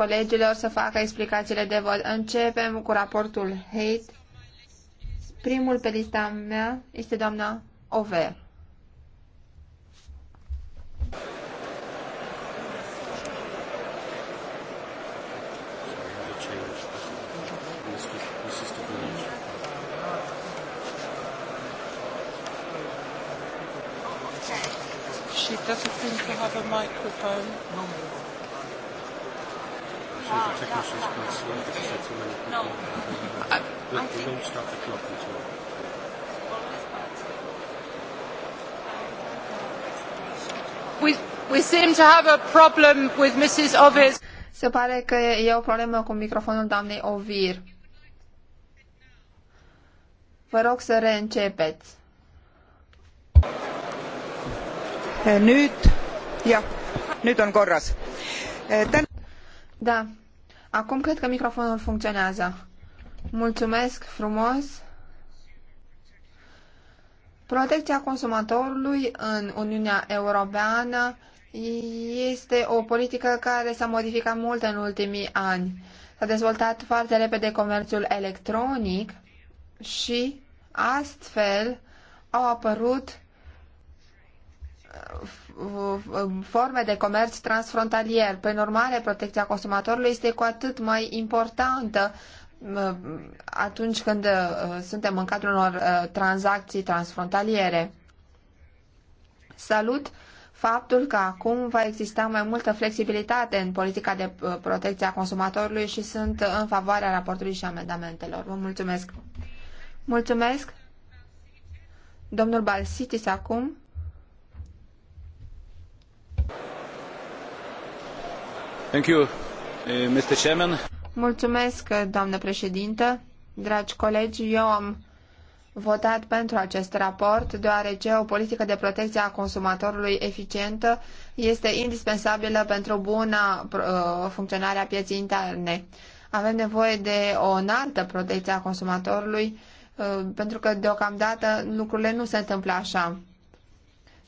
colegilor să facă explicațiile de vot. Începem cu raportul Hate. Primul pe lista mea este doamna Ove. She doesn't seem to have a microphone. No, no, no we We, seem to have a problem with Mrs. Ovis. Se pare că e o problemă cu microfonul doamnei Ovir. Vă rog să reîncepeți. Nyt, ja, nyt on korras. Eh, da. Acum cred că microfonul funcționează. Mulțumesc frumos. Protecția consumatorului în Uniunea Europeană este o politică care s-a modificat mult în ultimii ani. S-a dezvoltat foarte repede comerțul electronic și astfel au apărut Uh, forme de comerț transfrontalier. Prin urmare, protecția consumatorului este cu atât mai importantă uh, atunci când uh, suntem în cadrul unor tranzacții transfrontaliere. Salut faptul că acum va exista mai multă flexibilitate în politica de protecție a consumatorului și sunt în favoarea raportului și amendamentelor. Vă mulțumesc! Mulțumesc! Domnul Balsitis acum Thank you, eh, Mr. Chairman. Mulțumesc, doamnă președintă. Dragi colegi, eu am votat pentru acest raport, deoarece o politică de protecție a consumatorului eficientă este indispensabilă pentru buna eh, funcționare a pieței interne. Avem nevoie de o înaltă protecție a consumatorului, eh, pentru că deocamdată lucrurile nu se întâmplă așa.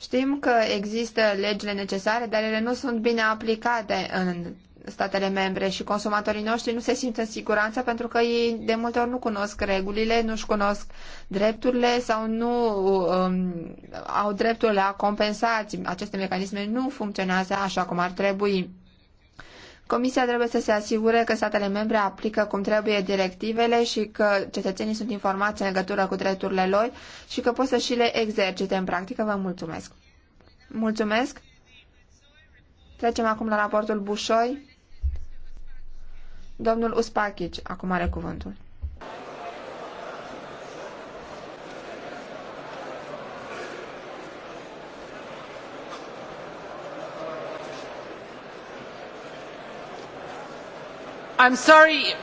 Știm că există legile necesare, dar ele nu sunt bine aplicate în statele membre și consumatorii noștri nu se simt în siguranță pentru că ei de multe ori nu cunosc regulile, nu-și cunosc drepturile sau nu um, au dreptul la compensații. Aceste mecanisme nu funcționează așa cum ar trebui. Comisia trebuie să se asigure că statele membre aplică cum trebuie directivele și că cetățenii sunt informați în legătură cu drepturile lor și că pot să și le exercite în practică. Vă mulțumesc! Mulțumesc! Trecem acum la raportul Bușoi. Domnul Uspachic acum are cuvântul. I'm sorry,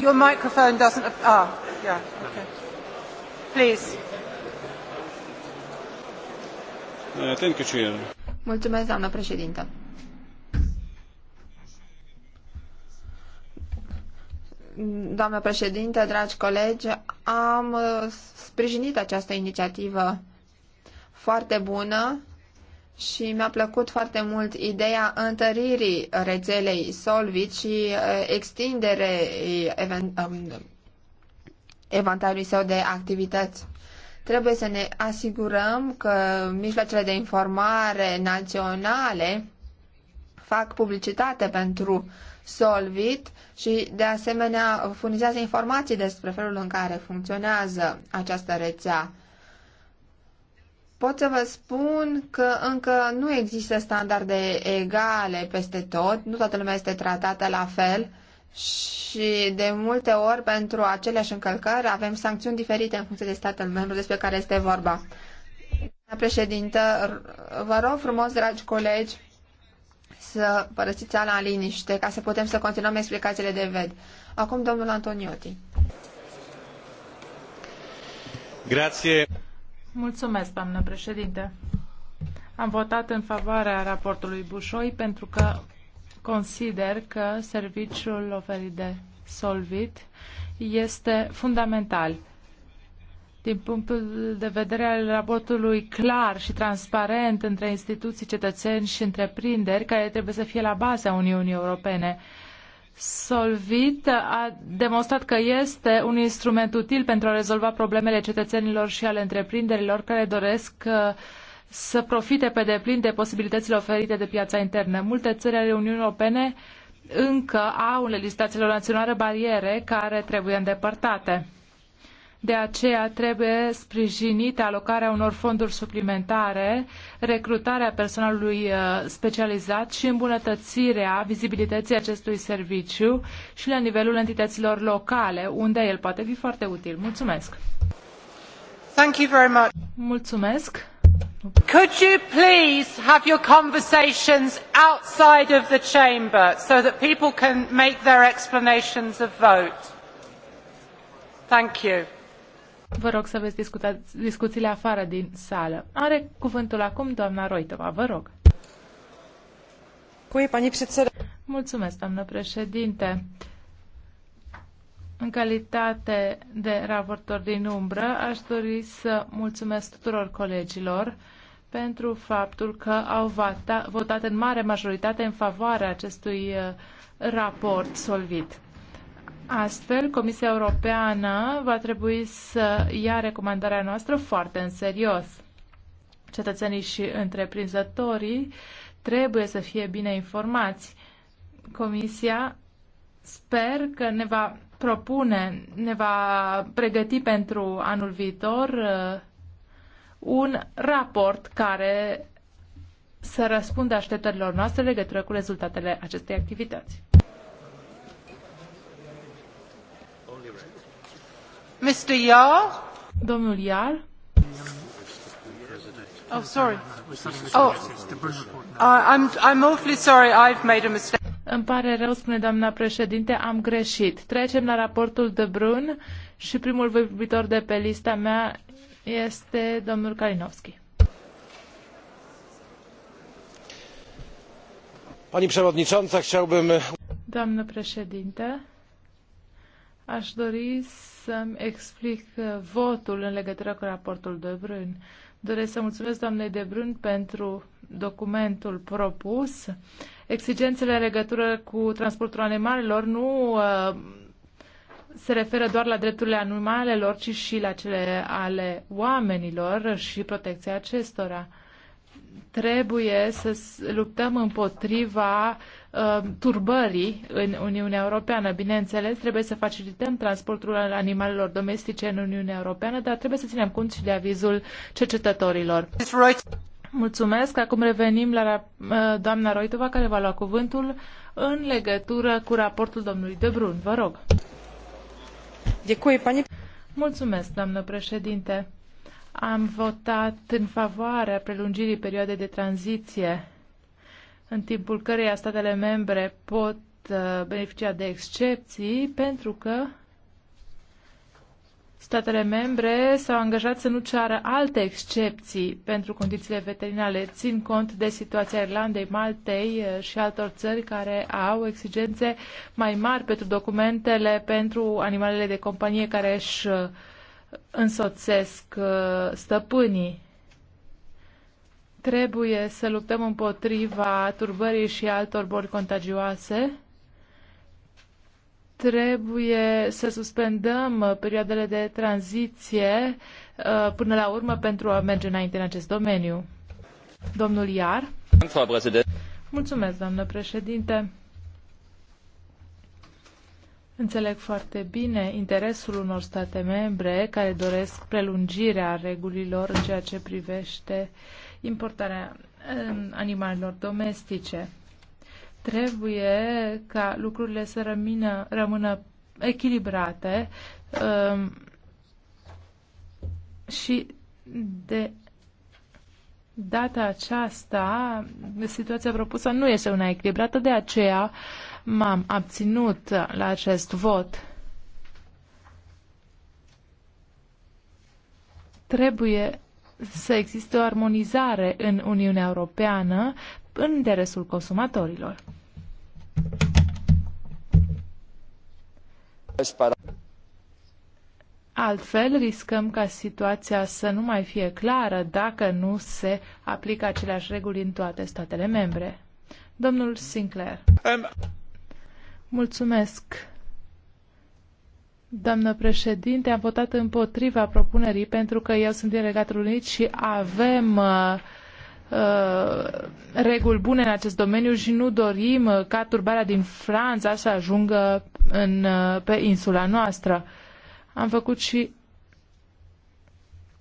your microphone doesn't. Ah, yeah, okay. Please. Uh, thank you, Chair. Mulțumesc, doamnă președintă. Doamnă președintă, dragi colegi, am uh, sprijinit această inițiativă foarte bună și mi-a plăcut foarte mult ideea întăririi rețelei Solvit și uh, extindere evantaiului um, său de activități. Trebuie să ne asigurăm că mijloacele de informare naționale fac publicitate pentru Solvit și, de asemenea, furnizează informații despre felul în care funcționează această rețea. Pot să vă spun că încă nu există standarde egale peste tot, nu toată lumea este tratată la fel și de multe ori pentru aceleași încălcări avem sancțiuni diferite în funcție de statul membru despre care este vorba. Președintă, vă rog frumos, dragi colegi, să părăsiți sala în liniște ca să putem să continuăm explicațiile de ved. Acum domnul Antonioti. Grazie. Mulțumesc, doamnă președinte. Am votat în favoarea raportului Bușoi pentru că consider că serviciul oferit de Solvit este fundamental din punctul de vedere al raportului clar și transparent între instituții, cetățeni și întreprinderi, care trebuie să fie la baza Uniunii Europene. Solvit a demonstrat că este un instrument util pentru a rezolva problemele cetățenilor și ale întreprinderilor care doresc uh, să profite pe deplin de posibilitățile oferite de piața internă. Multe țări ale Uniunii Europene încă au în legislațiile naționale bariere care trebuie îndepărtate. De aceea trebuie sprijinită alocarea unor fonduri suplimentare, recrutarea personalului uh, specializat și îmbunătățirea vizibilității acestui serviciu și la nivelul entităților locale, unde el poate fi foarte util. Mulțumesc! Thank you very much. Mulțumesc! Could you please have your conversations outside of the chamber so that people can make their explanations of vote? Thank you. Vă rog să veți discuta, discuțiile afară din sală. Are cuvântul acum doamna Roitova, vă rog. Mulțumesc, doamnă președinte. În calitate de raportor din umbră, aș dori să mulțumesc tuturor colegilor pentru faptul că au votat, votat în mare majoritate în favoarea acestui uh, raport solvit. Astfel, Comisia Europeană va trebui să ia recomandarea noastră foarte în serios. Cetățenii și întreprinzătorii trebuie să fie bine informați. Comisia sper că ne va propune, ne va pregăti pentru anul viitor uh, un raport care să răspundă așteptărilor noastre legătură cu rezultatele acestei activități. Îmi pare rău, spune doamna președinte, am greșit. Trecem la raportul de Brun și primul vorbitor de pe lista mea este domnul Kalinowski. Pani przewodnicząca, chciałbym... Doamnă președinte, aș dori să să-mi explic uh, votul în legătură cu raportul de Brân. Doresc să mulțumesc doamnei de Brân pentru documentul propus. Exigențele în legătură cu transportul animalelor nu uh, se referă doar la drepturile animalelor, ci și la cele ale oamenilor și protecția acestora. Trebuie să luptăm împotriva uh, Uh, turbării în Uniunea Europeană. Bineînțeles, trebuie să facilităm transportul animalelor domestice în Uniunea Europeană, dar trebuie să ținem cont și de avizul cercetătorilor. Mulțumesc. Acum revenim la uh, doamna Roitova, care va lua cuvântul în legătură cu raportul domnului De Brun. Vă rog. Mulțumesc, doamnă președinte. Am votat în favoarea prelungirii perioadei de tranziție în timpul căreia statele membre pot uh, beneficia de excepții, pentru că statele membre s-au angajat să nu ceară alte excepții pentru condițiile veterinare, țin cont de situația Irlandei, Maltei uh, și altor țări care au exigențe mai mari pentru documentele pentru animalele de companie care își uh, însoțesc stăpânii. Trebuie să luptăm împotriva turbării și altor boli contagioase. Trebuie să suspendăm perioadele de tranziție uh, până la urmă pentru a merge înainte în acest domeniu. Domnul Iar. Mulțumesc, doamnă președinte. Înțeleg foarte bine interesul unor state membre care doresc prelungirea regulilor în ceea ce privește uh, importarea animalelor domestice. Trebuie ca lucrurile să rămână, rămână echilibrate um, și de data aceasta situația propusă nu este una echilibrată, de aceea m-am abținut la acest vot. Trebuie să existe o armonizare în Uniunea Europeană în interesul consumatorilor. Altfel, riscăm ca situația să nu mai fie clară dacă nu se aplică aceleași reguli în toate statele membre. Domnul Sinclair. Mulțumesc. Doamnă președinte, am votat împotriva propunerii pentru că eu sunt din Regatul Unit și avem uh, uh reguli bune în acest domeniu și nu dorim ca turbarea din Franța să ajungă în, uh, pe insula noastră. Am făcut și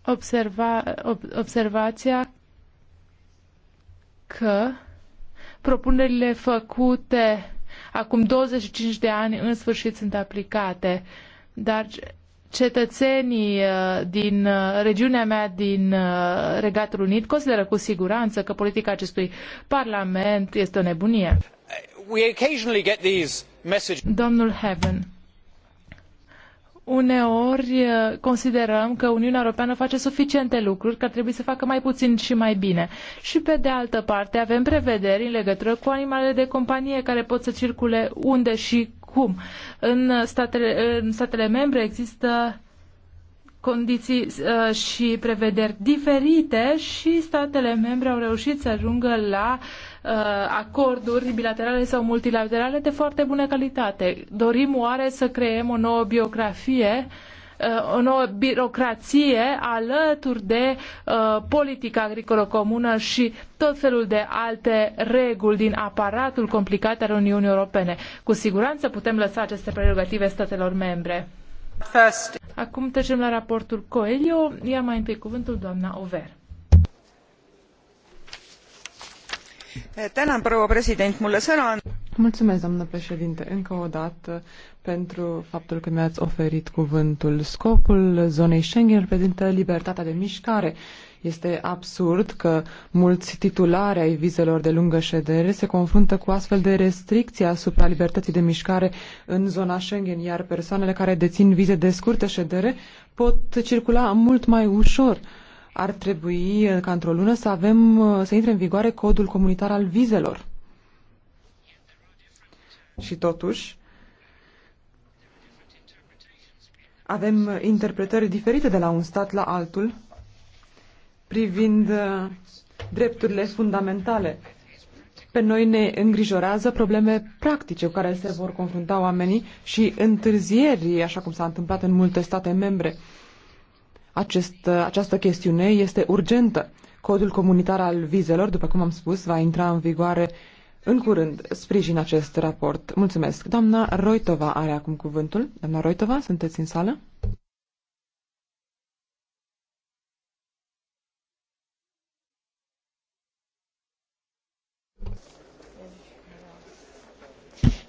observa, ob, observația că propunerile făcute acum 25 de ani în sfârșit sunt aplicate. Uh, dar cetățenii uh, din uh, regiunea mea, din uh, Regatul Unit, consideră cu siguranță că politica acestui Parlament este o nebunie. Domnul Heaven, uneori considerăm că Uniunea Europeană face suficiente lucruri, că ar trebui să facă mai puțin și mai bine. Și pe de altă parte avem prevederi în legătură cu animalele de companie care pot să circule unde și acum. În statele, în statele membre există condiții uh, și prevederi diferite și statele membre au reușit să ajungă la uh, acorduri bilaterale sau multilaterale de foarte bună calitate. Dorim oare să creăm o nouă biografie uh, Uh, o nouă birocrație alături de uh, politica agricolă comună și tot felul de alte reguli din aparatul complicat al Uniunii Europene. Cu siguranță putem lăsa aceste prerogative statelor membre. First. Acum trecem la raportul Coelho. Ia mai întâi cuvântul doamna Over. Eh, tänan proua president mulle sõna Mulțumesc, doamnă președinte, încă o dată pentru faptul că mi-ați oferit cuvântul. Scopul zonei Schengen reprezintă libertatea de mișcare. Este absurd că mulți titulari ai vizelor de lungă ședere se confruntă cu astfel de restricții asupra libertății de mișcare în zona Schengen, iar persoanele care dețin vize de scurtă ședere pot circula mult mai ușor ar trebui ca într-o lună să avem să intre în vigoare codul comunitar al vizelor. Și totuși, avem interpretări diferite de la un stat la altul privind uh, drepturile fundamentale. Pe noi ne îngrijorează probleme practice cu care se vor confrunta oamenii și întârzieri, așa cum s-a întâmplat în multe state membre. Acest, uh, această chestiune este urgentă. Codul comunitar al vizelor, după cum am spus, va intra în vigoare în curând sprijin acest raport. Mulțumesc. Doamna Roitova are acum cuvântul. Doamna Roitova, sunteți în sală?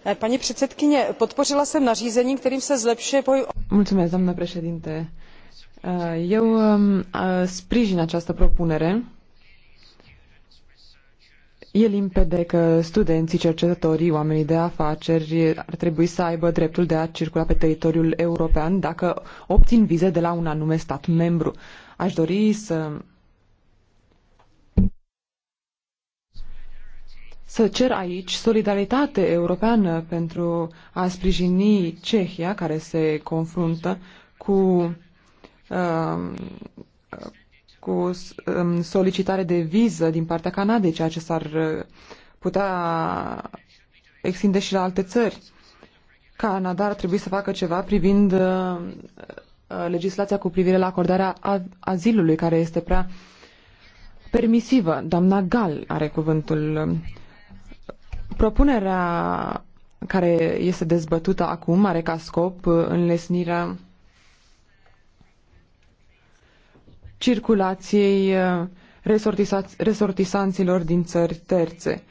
Eh, Pani předsedkyně, podpořila jsem nařízení, kterým se zlepšuje boj... Mulțumesc, doamnă președinte. Eh, eu ehm, eh, sprijin această propunere E limpede că studenții, cercetătorii, oamenii de afaceri ar trebui să aibă dreptul de a circula pe teritoriul european dacă obțin vize de la un anume stat membru. Aș dori să să cer aici solidaritate europeană pentru a sprijini Cehia, care se confruntă cu uh, cu um, solicitare de viză din partea Canadei, ceea ce s-ar uh, putea extinde și la alte țări. Canada ar trebui să facă ceva privind uh, uh, legislația cu privire la acordarea azilului, care este prea permisivă. Doamna Gal are cuvântul. Propunerea care este dezbătută acum are ca scop înlesnirea circulației uh, resortisanților din țări terțe.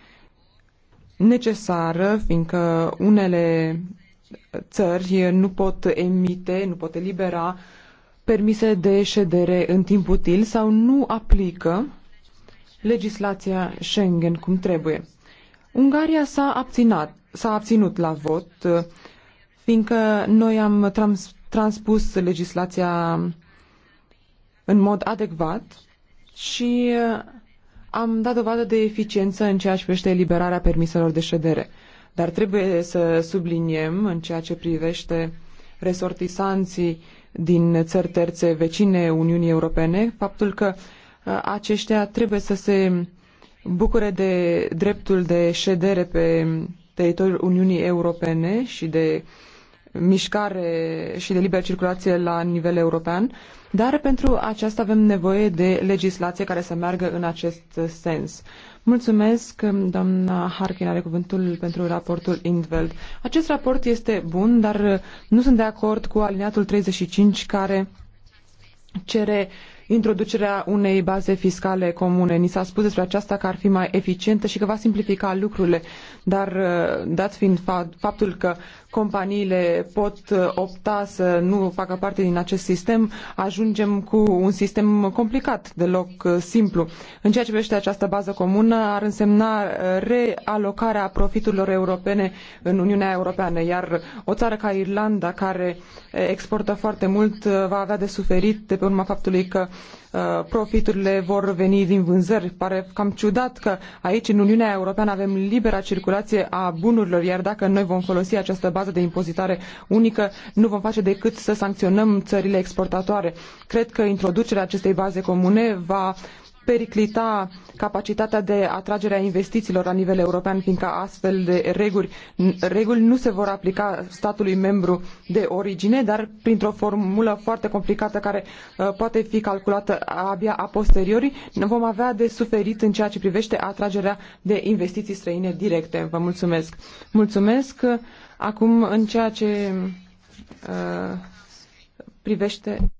Necesară, fiindcă unele țări nu pot emite, nu pot elibera permise de ședere în timp util sau nu aplică legislația Schengen cum trebuie. Ungaria s-a abținat, s-a abținut la vot, fiindcă noi am trans, transpus legislația în mod adecvat și uh, am dat dovadă de eficiență în ceea ce privește eliberarea permiselor de ședere. Dar trebuie să subliniem în ceea ce privește resortisanții din țări terțe vecine Uniunii Europene faptul că uh, aceștia trebuie să se bucure de dreptul de ședere pe teritoriul Uniunii Europene și de uh, mișcare și de liberă circulație la nivel european, dar pentru aceasta avem nevoie de legislație care să meargă în acest sens. Mulțumesc, doamna Harkin are cuvântul pentru raportul Indveld. Acest raport este bun, dar nu sunt de acord cu aliniatul 35 care cere uh, introducerea unei baze fiscale comune. Ni s-a spus despre aceasta că ar fi mai eficientă și că va simplifica lucrurile, dar uh, dat fiind faptul că companiile pot uh, opta să nu facă parte din acest sistem, ajungem cu un sistem complicat, deloc uh, simplu. În ceea ce privește această bază comună, ar însemna realocarea profiturilor europene în Uniunea Europeană, iar o țară ca Irlanda, care exportă foarte mult, va avea de suferit de pe urma faptului că Uh, profiturile vor veni din vânzări. Pare cam ciudat că aici, în Uniunea Europeană, avem libera circulație a bunurilor, iar dacă noi vom folosi această bază de impozitare unică, nu vom face decât să sancționăm țările exportatoare. Cred că introducerea acestei baze comune va periclita capacitatea de atragere a investițiilor la nivel european, fiindcă astfel de reguli, reguli nu se vor aplica statului membru de origine, dar printr-o formulă foarte complicată care uh, poate fi calculată abia a posteriori, vom avea de suferit în ceea ce privește atragerea de investiții străine directe. Vă mulțumesc. Mulțumesc. Acum, în ceea ce uh, privește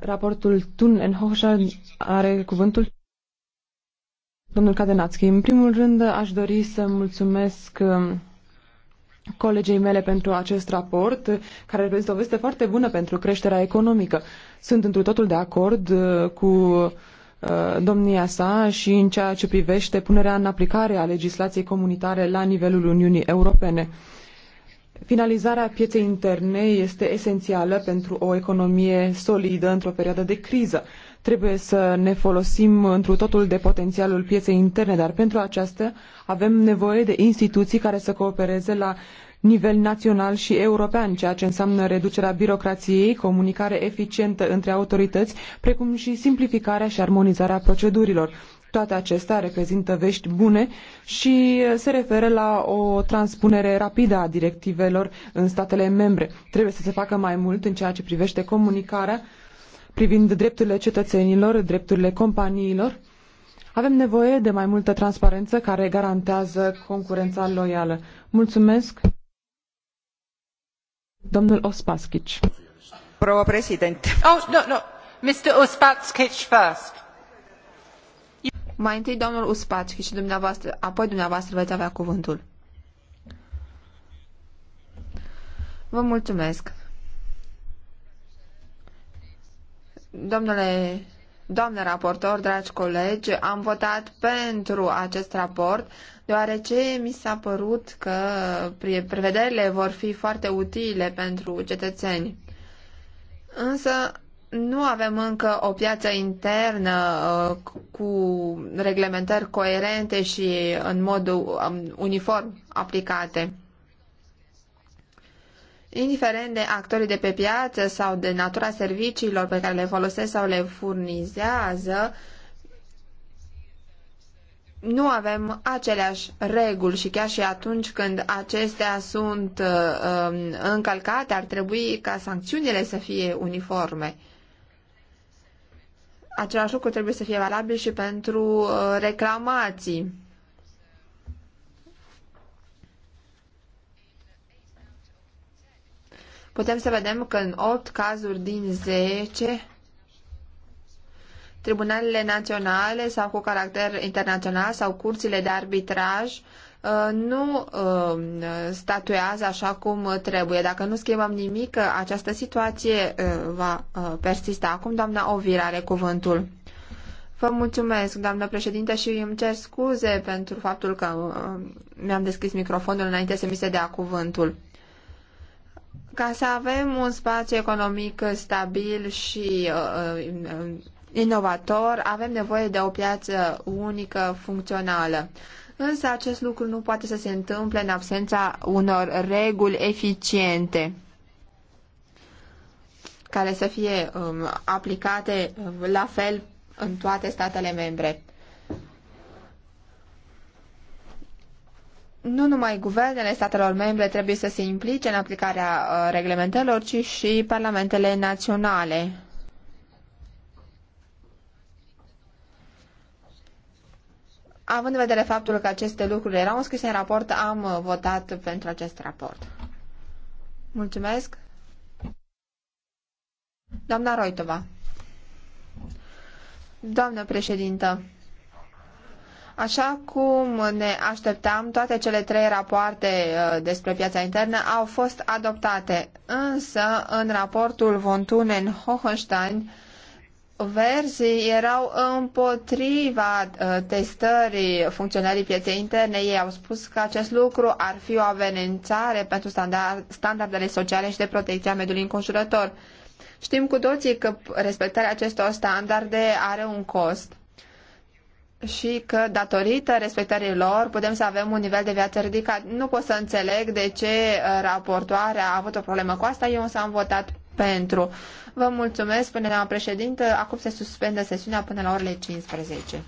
Raportul Tun în Hoșa are cuvântul domnul Cadenațchi. În primul rând, aș dori să mulțumesc um, colegei mele pentru acest raport, care reprezintă o veste foarte bună pentru creșterea economică. Sunt întru totul de acord uh, cu uh, domnia sa și în ceea ce privește punerea în aplicare a legislației comunitare la nivelul Uniunii Europene. Finalizarea pieței interne este esențială pentru o economie solidă într-o perioadă de criză. Trebuie să ne folosim întru totul de potențialul pieței interne, dar pentru aceasta avem nevoie de instituții care să coopereze la nivel național și european, ceea ce înseamnă reducerea birocrației, comunicare eficientă între autorități, precum și simplificarea și armonizarea procedurilor. Toate acestea reprezintă vești bune și se referă la o transpunere rapidă a directivelor în statele membre. Trebuie să se facă mai mult în ceea ce privește comunicarea privind drepturile cetățenilor, drepturile companiilor. Avem nevoie de mai multă transparență care garantează concurența loială. Mulțumesc. Domnul Ospaskic. Pro, președinte. Oh, no, no. Mr. Ospaskic first. Mai întâi domnul Uspaci și dumneavoastră, apoi dumneavoastră veți avea cuvântul. Vă mulțumesc. Domnule, domnule raportor, dragi colegi, am votat pentru acest raport deoarece mi s-a părut că prevederile vor fi foarte utile pentru cetățeni. Însă nu avem încă o piață internă uh, cu reglementări coerente și în mod um, uniform aplicate. Indiferent de actorii de pe piață sau de natura serviciilor pe care le folosesc sau le furnizează, nu avem aceleași reguli și chiar și atunci când acestea sunt uh, um, încălcate, ar trebui ca sancțiunile să fie uniforme. Același lucru trebuie să fie valabil și pentru uh, reclamații. Putem să vedem că în 8 cazuri din 10 tribunalele naționale sau cu caracter internațional sau curțile de arbitraj Uh, nu uh, statuează așa cum trebuie. Dacă nu schimbăm nimic, uh, această situație va persista. Acum doamna Ovira are cuvântul. Vă mulțumesc, doamnă președinte, și îmi cer scuze pentru faptul că mi-am deschis microfonul înainte să mi se dea cuvântul. Ca să avem un spațiu economic stabil și inovator, avem nevoie de o piață unică funcțională însă acest lucru nu poate să se întâmple în absența unor reguli eficiente care să fie um, aplicate um, la fel în toate statele membre. nu numai guvernele statelor membre trebuie să se implice în aplicarea uh, reglementelor, ci și parlamentele naționale. Având în vedere faptul că aceste lucruri erau înscrise în raport, am uh, votat pentru acest raport. Mulțumesc. Doamna Roitova. Doamnă președintă, Așa cum ne așteptam, toate cele trei rapoarte uh, despre piața internă au fost adoptate, însă în raportul Vontunen-Hohenstein Verzii erau împotriva uh, testării funcționării pieței interne. Ei au spus că acest lucru ar fi o avenințare pentru standardele sociale și de protecția mediului înconjurător. Știm cu toții că respectarea acestor standarde are un cost și că datorită respectării lor putem să avem un nivel de viață ridicat. Nu pot să înțeleg de ce uh, raportoarea a avut o problemă cu asta, eu însă am votat pentru. Vă mulțumesc, până la președinte. Acum se suspendă sesiunea până la orele 15.